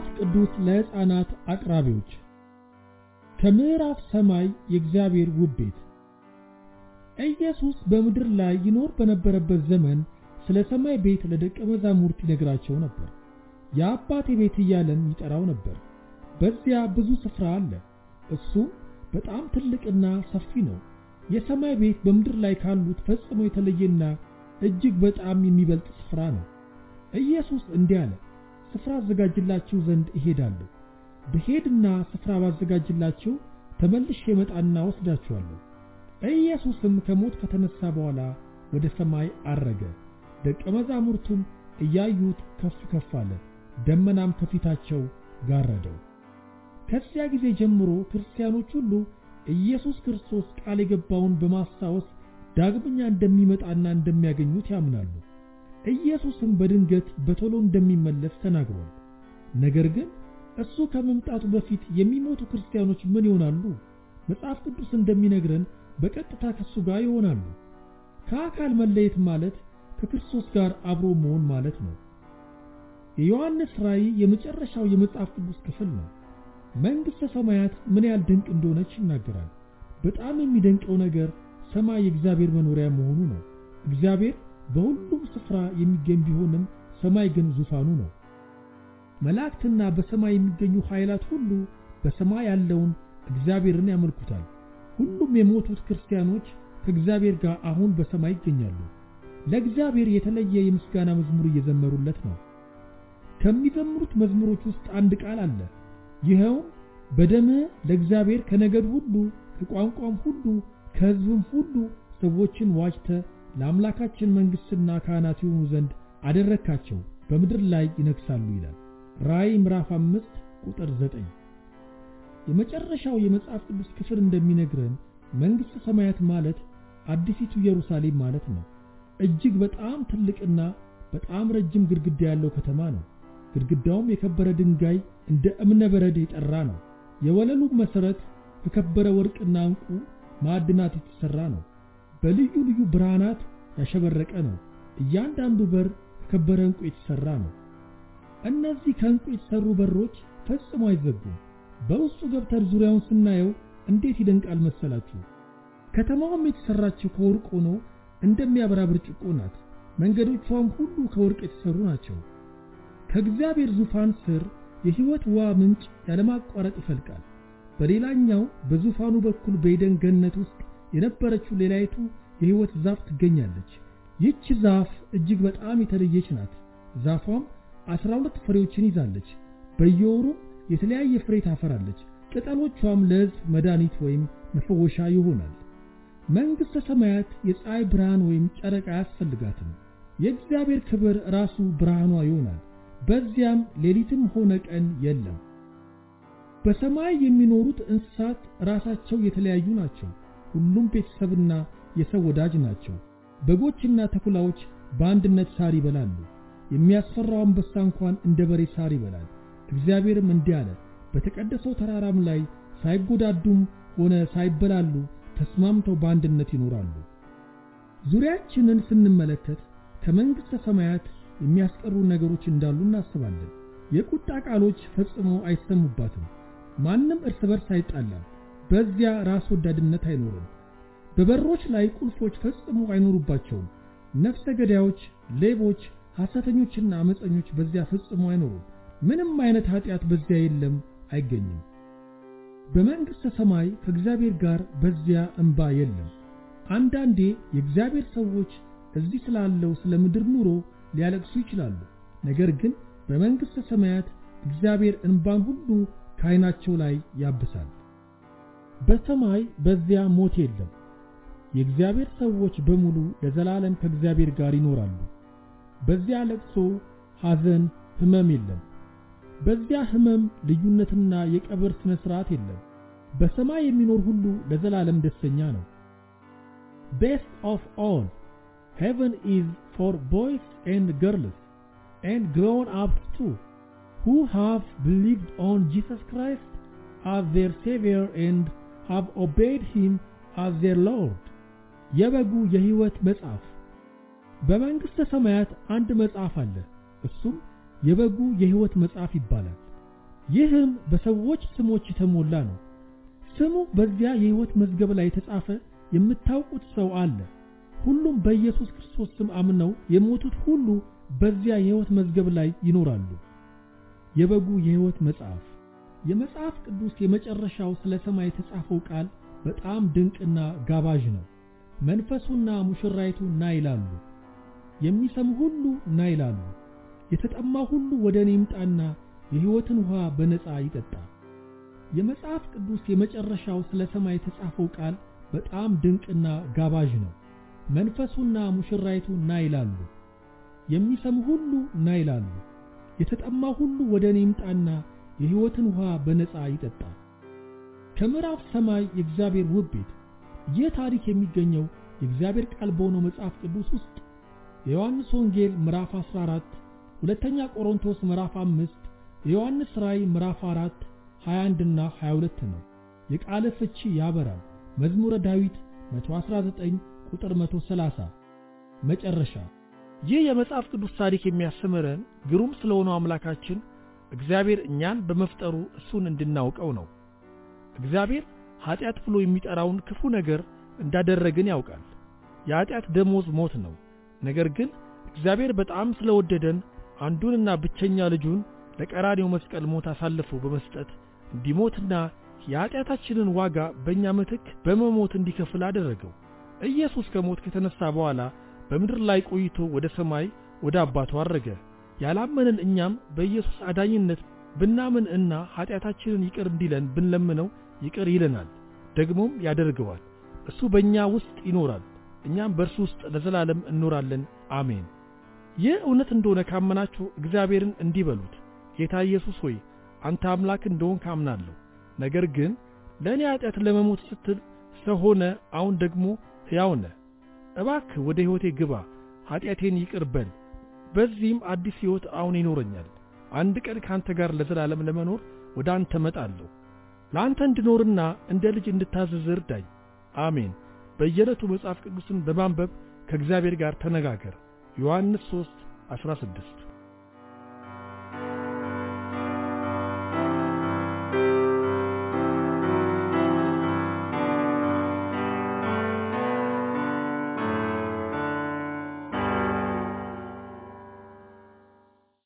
መጽሐፍ ቅዱስ ለሕፃናት አቅራቢዎች ከምዕራፍ ሰማይ የእግዚአብሔር ውብ ቤት ኢየሱስ በምድር ላይ ይኖር በነበረበት ዘመን ስለ ሰማይ ቤት ለደቀ መዛሙርት ይነግራቸው ነበር። የአባቴ ቤት እያለም ይጠራው ነበር። በዚያ ብዙ ስፍራ አለ፣ እሱም በጣም ትልቅና ሰፊ ነው። የሰማይ ቤት በምድር ላይ ካሉት ፈጽሞ የተለየና እጅግ በጣም የሚበልጥ ስፍራ ነው። ኢየሱስ እንዲህ አለ፣ ስፍራ አዘጋጅላችሁ ዘንድ እሄዳለሁ። ብሄድና ስፍራ ባዘጋጅላችሁ ተመልሼ እመጣና ወስዳችኋለሁ። ኢየሱስም ከሞት ከተነሳ በኋላ ወደ ሰማይ አረገ። ደቀ መዛሙርቱም እያዩት ከፍ ከፍ አለ፣ ደመናም ከፊታቸው ጋረደው። ከዚያ ጊዜ ጀምሮ ክርስቲያኖች ሁሉ ኢየሱስ ክርስቶስ ቃል የገባውን በማስታወስ ዳግመኛ እንደሚመጣና እንደሚያገኙት ያምናሉ። ኢየሱስም በድንገት በቶሎ እንደሚመለስ ተናግሯል። ነገር ግን እሱ ከመምጣቱ በፊት የሚሞቱ ክርስቲያኖች ምን ይሆናሉ? መጽሐፍ ቅዱስ እንደሚነግረን በቀጥታ ከሱ ጋር ይሆናሉ። ከአካል መለየት ማለት ከክርስቶስ ጋር አብሮ መሆን ማለት ነው። የዮሐንስ ራእይ የመጨረሻው የመጽሐፍ ቅዱስ ክፍል ነው። መንግሥተ ሰማያት ምን ያህል ድንቅ እንደሆነች ይናገራል። በጣም የሚደንቀው ነገር ሰማይ የእግዚአብሔር መኖሪያ መሆኑ ነው። እግዚአብሔር በሁሉም ስፍራ የሚገኝ ቢሆንም ሰማይ ግን ዙፋኑ ነው። መላእክትና በሰማይ የሚገኙ ኃይላት ሁሉ በሰማይ ያለውን እግዚአብሔርን ያመልኩታል። ሁሉም የሞቱት ክርስቲያኖች ከእግዚአብሔር ጋር አሁን በሰማይ ይገኛሉ። ለእግዚአብሔር የተለየ የምስጋና መዝሙር እየዘመሩለት ነው። ከሚዘምሩት መዝሙሮች ውስጥ አንድ ቃል አለ። ይኸውም በደምህ ለእግዚአብሔር ከነገድ ሁሉ ከቋንቋም ሁሉ ከሕዝብም ሁሉ ሰዎችን ዋጅተ ለአምላካችን መንግሥትና ካህናት ይሆኑ ዘንድ አደረካቸው በምድር ላይ ይነግሳሉ ይላል ራእይ ምዕራፍ አምስት ቁጥር ዘጠኝ የመጨረሻው የመጽሐፍ ቅዱስ ክፍል እንደሚነግረን መንግሥተ ሰማያት ማለት አዲሲቱ ኢየሩሳሌም ማለት ነው። እጅግ በጣም ትልቅና በጣም ረጅም ግድግዳ ያለው ከተማ ነው። ግድግዳውም የከበረ ድንጋይ እንደ እብነበረድ የጠራ ነው። የወለሉ መሠረት ከከበረ ወርቅና ዕንቁ ማዕድናት የተሠራ ነው። በልዩ ልዩ ብርሃናት ያሸበረቀ ነው። እያንዳንዱ በር ከከበረ ዕንቁ የተሠራ ነው። እነዚህ ከዕንቁ የተሠሩ በሮች ፈጽሞ አይዘጉም። በውስጡ ገብተን ዙሪያውን ስናየው እንዴት ይደንቃል መሰላችሁ! ከተማዋም የተሠራችው ከወርቅ ሆኖ እንደሚያበራ ብርጭቆ ናት። መንገዶቿም ሁሉ ከወርቅ የተሠሩ ናቸው። ከእግዚአብሔር ዙፋን ስር የሕይወት ውሃ ምንጭ ያለማቋረጥ ይፈልቃል። በሌላኛው በዙፋኑ በኩል በኤደን ገነት ውስጥ የነበረችው ሌላይቱ የሕይወት ዛፍ ትገኛለች። ይህች ዛፍ እጅግ በጣም የተለየች ናት። ዛፏም አስራ ሁለት ፍሬዎችን ይዛለች። በየወሩ የተለያየ ፍሬ ታፈራለች። ቅጠሎቿም ለሕዝብ መድኃኒት ወይም መፈወሻ ይሆናል። መንግሥተ ሰማያት የፀሐይ ብርሃን ወይም ጨረቃ አያስፈልጋትም። የእግዚአብሔር ክብር ራሱ ብርሃኗ ይሆናል። በዚያም ሌሊትም ሆነ ቀን የለም። በሰማይ የሚኖሩት እንስሳት ራሳቸው የተለያዩ ናቸው። ሁሉም ቤተሰብና የሰው ወዳጅ ናቸው። በጎችና ተኩላዎች በአንድነት ሳር ይበላሉ። የሚያስፈራው አንበሳ እንኳን እንደ በሬ ሳር ይበላል። እግዚአብሔርም እንዲህ አለ፣ በተቀደሰው ተራራም ላይ ሳይጎዳዱም ሆነ ሳይበላሉ ተስማምተው በአንድነት ይኖራሉ። ዙሪያችንን ስንመለከት ከመንግሥተ ሰማያት የሚያስቀሩ ነገሮች እንዳሉ እናስባለን። የቁጣ ቃሎች ፈጽሞ አይሰሙባትም። ማንም እርስ በርስ አይጣላም። በዚያ ራስ ወዳድነት አይኖርም። በበሮች ላይ ቁልፎች ፈጽሞ አይኖሩባቸውም። ነፍሰ ገዳዮች፣ ሌቦች፣ ሐሰተኞችና አመፀኞች በዚያ ፈጽሞ አይኖሩም። ምንም አይነት ኃጢአት በዚያ የለም፣ አይገኝም። በመንግሥተ ሰማይ ከእግዚአብሔር ጋር በዚያ እንባ የለም። አንዳንዴ የእግዚአብሔር ሰዎች እዚህ ስላለው ስለ ምድር ኑሮ ሊያለቅሱ ይችላሉ። ነገር ግን በመንግሥተ ሰማያት እግዚአብሔር እንባን ሁሉ ከዐይናቸው ላይ ያብሳል። በሰማይ በዚያ ሞት የለም። የእግዚአብሔር ሰዎች በሙሉ ለዘላለም ከእግዚአብሔር ጋር ይኖራሉ። በዚያ ለቅሶ፣ ሐዘን፣ ሕመም የለም። በዚያ ሕመም ልዩነትና የቀብር ሥነ ሥርዓት የለም። በሰማይ የሚኖር ሁሉ ለዘላለም ደስተኛ ነው። ቤስት ኦፍ ኦል ሄቨን ኢዝ ፎር ቦይስ ኤንድ ገርልስ ኤንድ ግሮን አፕስ ቱ who have believed on Jesus Christ as their Savior and have obeyed him as their Lord የበጉ የሕይወት መጽሐፍ በመንግሥተ ሰማያት አንድ መጽሐፍ አለ እሱም የበጉ የሕይወት መጽሐፍ ይባላል ይህም በሰዎች ስሞች የተሞላ ነው ስሙ በዚያ የሕይወት መዝገብ ላይ የተጻፈ የምታውቁት ሰው አለ ሁሉም በኢየሱስ ክርስቶስ ስም አምነው የሞቱት ሁሉ በዚያ የሕይወት መዝገብ ላይ ይኖራሉ የበጉ የሕይወት መጽሐፍ የመጽሐፍ ቅዱስ የመጨረሻው ስለ ሰማይ የተጻፈው ቃል በጣም ድንቅና ጋባዥ ነው። መንፈሱና ሙሽራይቱ ና ይላሉ፣ የሚሰሙ ሁሉ ና ይላሉ። የተጠማ ሁሉ ወደ እኔ ይምጣና የሕይወትን ውኃ በነፃ ይጠጣ። የመጽሐፍ ቅዱስ የመጨረሻው ስለ ሰማይ የተጻፈው ቃል በጣም ድንቅና ጋባዥ ነው። መንፈሱና ሙሽራይቱ ና ይላሉ፣ የሚሰሙ ሁሉ ና ይላሉ። የተጠማ ሁሉ ወደ እኔ ይምጣና የሕይወትን ውሃ በነፃ ይጠጣ። ከምዕራፍ ሰማይ የእግዚአብሔር ውብ ቤት ይህ ታሪክ የሚገኘው የእግዚአብሔር ቃል በሆነው መጽሐፍ ቅዱስ ውስጥ የዮሐንስ ወንጌል ምዕራፍ 14፣ ሁለተኛ ቆሮንቶስ ምዕራፍ 5፣ የዮሐንስ ራእይ ምዕራፍ 4 21 እና 22 ነው። የቃለ ፍቺ ያበራል። መዝሙረ ዳዊት 119 ቁጥር 130 መጨረሻ ይህ የመጽሐፍ ቅዱስ ታሪክ የሚያስተምረን ግሩም ስለሆነው አምላካችን እግዚአብሔር እኛን በመፍጠሩ እሱን እንድናውቀው ነው። እግዚአብሔር ኀጢአት ብሎ የሚጠራውን ክፉ ነገር እንዳደረግን ያውቃል። የኀጢአት ደሞዝ ሞት ነው። ነገር ግን እግዚአብሔር በጣም ስለወደደን አንዱንና ብቸኛ ልጁን ለቀራኔው መስቀል ሞት አሳልፎ በመስጠት እንዲሞትና የኀጢአታችንን ዋጋ በእኛ ምትክ በመሞት እንዲከፍል አደረገው። ኢየሱስ ከሞት ከተነሳ በኋላ በምድር ላይ ቆይቶ ወደ ሰማይ ወደ አባቱ አረገ። ያላመንን እኛም በኢየሱስ አዳኝነት ብናምን እና ኃጢአታችንን ይቅር እንዲለን ብንለምነው ይቅር ይለናል፣ ደግሞም ያደርገዋል። እሱ በእኛ ውስጥ ይኖራል፣ እኛም በእርሱ ውስጥ ለዘላለም እንኖራለን። አሜን። ይህ እውነት እንደሆነ ካመናችሁ እግዚአብሔርን እንዲህ በሉት፣ ጌታ ኢየሱስ ሆይ አንተ አምላክ እንደሆን ካምናለሁ ነገር ግን ለእኔ ኀጢአት ለመሞት ስትል ሰው ሆነ፣ አሁን ደግሞ ሕያው ነህ። እባክህ ወደ ሕይወቴ ግባ፣ ኀጢአቴን ይቅር በል በዚህም አዲስ ሕይወት አሁን ይኖረኛል። አንድ ቀን ከአንተ ጋር ለዘላለም ለመኖር ወደ አንተ መጣለሁ። ለአንተ እንድኖርና እንደ ልጅ እንድታዘዝ እርዳኝ። አሜን። በየዕለቱ መጽሐፍ ቅዱስን በማንበብ ከእግዚአብሔር ጋር ተነጋገር። ዮሐንስ 3 16